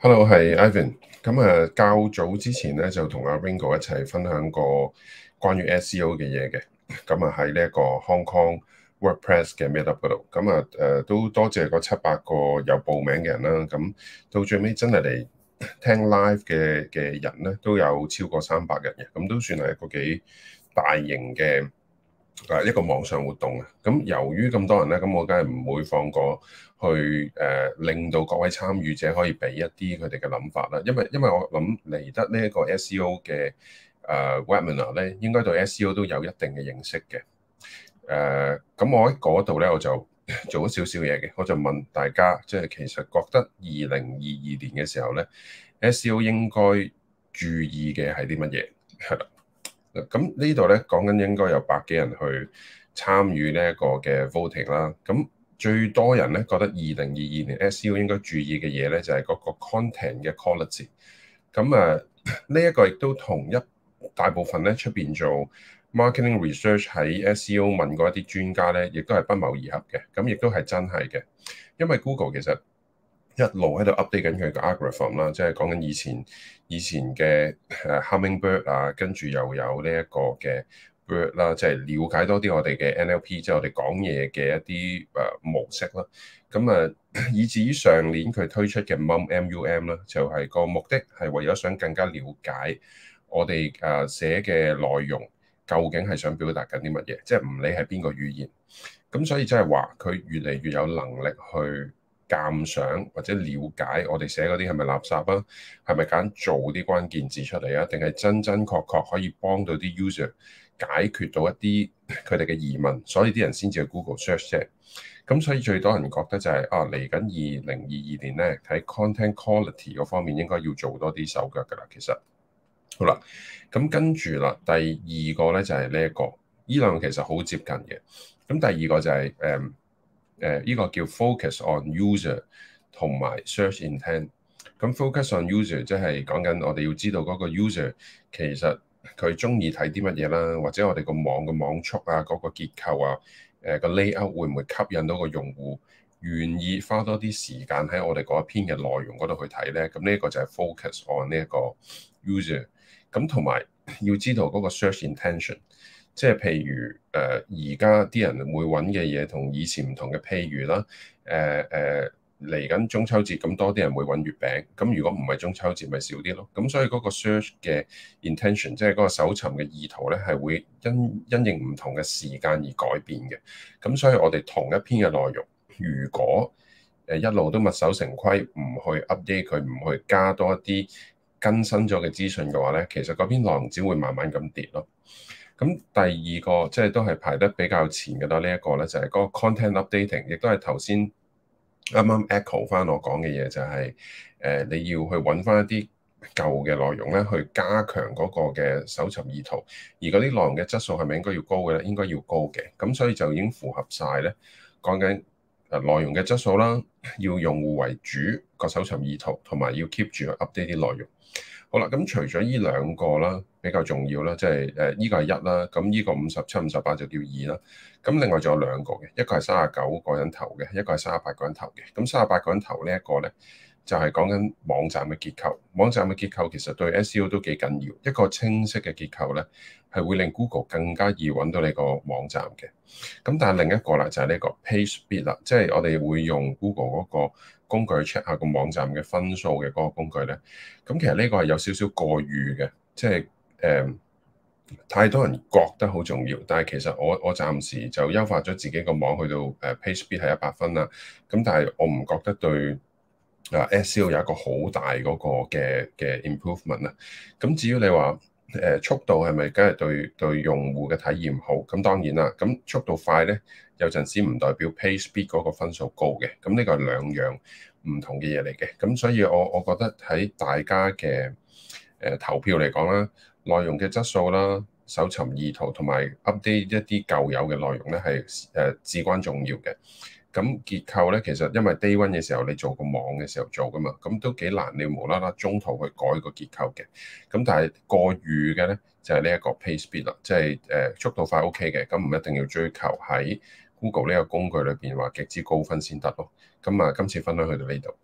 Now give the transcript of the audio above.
Hello，係 Ivan。咁啊，較早之前咧就同阿 Ringo 一齊分享過關於 SEO 嘅嘢嘅。咁啊，喺呢一個 Hong Kong WordPress 嘅 Meetup 度。咁啊，誒都多謝個七百個有報名嘅人啦。咁到最尾真係嚟聽 live 嘅嘅人咧，都有超過三百人嘅。咁都算係一個幾大型嘅一個網上活動啊！咁由於咁多人咧，咁我梗係唔會放過去誒、呃，令到各位參與者可以俾一啲佢哋嘅諗法啦。因為因為我諗嚟得呢一個 SEO 嘅誒 Webinar 咧，應該對 SEO 都有一定嘅認識嘅。誒、呃、咁我喺嗰度咧，我就做咗少少嘢嘅，我就問大家，即係其實覺得二零二二年嘅時候咧，SEO 應該注意嘅係啲乜嘢？係啦。咁呢度咧講緊應該有百幾人去參與呢一個嘅 voting 啦。咁最多人咧覺得二零二二年 SEO 應該注意嘅嘢咧就係嗰個 content 嘅 quality。咁啊，呢一個亦都同一大部分咧出邊做 marketing research 喺 SEO 問過一啲專家咧，亦都係不謀而合嘅。咁亦都係真係嘅，因為 Google 其實。一路喺度 update 緊佢嘅 algorithm 啦，即係講緊以前以前嘅 Hummingbird 啊，跟住又有呢一個嘅 bird 啦，即係了解多啲我哋嘅 NLP，即係我哋講嘢嘅一啲誒模式啦。咁啊，以至於上年佢推出嘅 MUM-MUM 啦，就係個目的係為咗想更加了解我哋誒寫嘅內容究竟係想表達緊啲乜嘢，即係唔理係邊個語言。咁所以即係話佢越嚟越有能力去。鑑賞或者了解我哋寫嗰啲係咪垃圾啊？係咪揀做啲關鍵字出嚟啊？定係真真確確可以幫到啲 user 解決到一啲佢哋嘅疑問，所以啲人先至去 Google search 啫。咁所以最多人覺得就係、是、啊，嚟緊二零二二年呢，喺 content quality 嗰方面應該要做多啲手腳㗎啦。其實好啦，咁跟住啦，第二個呢就係呢一個，呢兩個其實好接近嘅。咁第二個就係、是、誒。嗯。誒呢個叫 focus on user 同埋 search intent。咁 focus on user 即係講緊我哋要知道嗰個 user 其實佢中意睇啲乜嘢啦，或者我哋個網嘅網速啊、嗰、嗰個結構啊、誒、嗰個 layout 會唔會吸引到個用戶願意花多啲時間喺我哋嗰一篇嘅內容嗰度去睇咧？咁呢一個就係 focus on 呢一個 user。咁同埋要知道嗰個 search intention。即係譬如誒，而家啲人會揾嘅嘢同以前唔同嘅，譬如啦誒誒嚟緊中秋節，咁多啲人會揾月餅。咁如果唔係中秋節，咪少啲咯。咁所以嗰個 search 嘅 intention，即係嗰個搜尋嘅意圖咧，係會因因應唔同嘅時間而改變嘅。咁所以我哋同一篇嘅內容，如果誒一路都墨守成規，唔去 update 佢，唔去加多一啲更新咗嘅資訊嘅話咧，其實嗰篇內容只會慢慢咁跌咯。咁第二個即係都係排得比較前嘅啦，呢、這、一個咧就係嗰個 content updating，亦都係頭先啱啱 echo 翻我講嘅嘢，就係、是、誒你要去揾翻一啲舊嘅內容咧，去加強嗰個嘅搜尋意圖，而嗰啲內容嘅質素係咪應該要高嘅咧？應該要高嘅，咁所以就已經符合晒咧。講緊。誒內容嘅質素啦，要用戶為主個搜尋意圖，同埋要 keep 住 update 啲內容。好啦，咁除咗呢兩個啦，比較重要啦，即係誒呢個係一啦，咁呢個五十七五十八就叫二啦。咁另外仲有兩個嘅，一個係三十九個人投嘅，一個係三十八個人投嘅。咁三十八個人投呢一個咧。就係講緊網站嘅結構，網站嘅結構其實對 SEO 都幾緊要。一個清晰嘅結構呢，係會令 Google 更加易揾到你個網站嘅。咁但係另一個咧就係呢個 Page Speed 啦，即係我哋會用 Google 嗰個工具 check 下個網站嘅分數嘅嗰個工具呢。咁其實呢個係有少少過譽嘅，即係、呃、太多人覺得好重要，但係其實我我暫時就優化咗自己個網去到 Page Speed 係一百分啦。咁但係我唔覺得對，啊 SEO 有一個好大嗰個嘅嘅 improvement 啊，咁至於你話誒速度係咪，梗係對對用戶嘅體驗好，咁當然啦，咁速度快咧有陣時唔代表 page speed 嗰個分數高嘅，咁呢個係兩樣唔同嘅嘢嚟嘅，咁所以我我覺得喺大家嘅誒投票嚟講啦，內容嘅質素啦、搜尋意圖同埋 update 一啲舊有嘅內容咧係誒至關重要嘅。咁結構咧，其實因為 day one 嘅時候你做個網嘅時候做噶嘛，咁都幾難，你無啦啦中途去改個結構嘅。咁但係過餘嘅咧，就係呢一個 page speed 啦，即係誒速度快 OK 嘅，咁唔一定要追求喺 Google 呢個工具裏邊話極之高分先得咯。咁啊，今次分享去到呢度。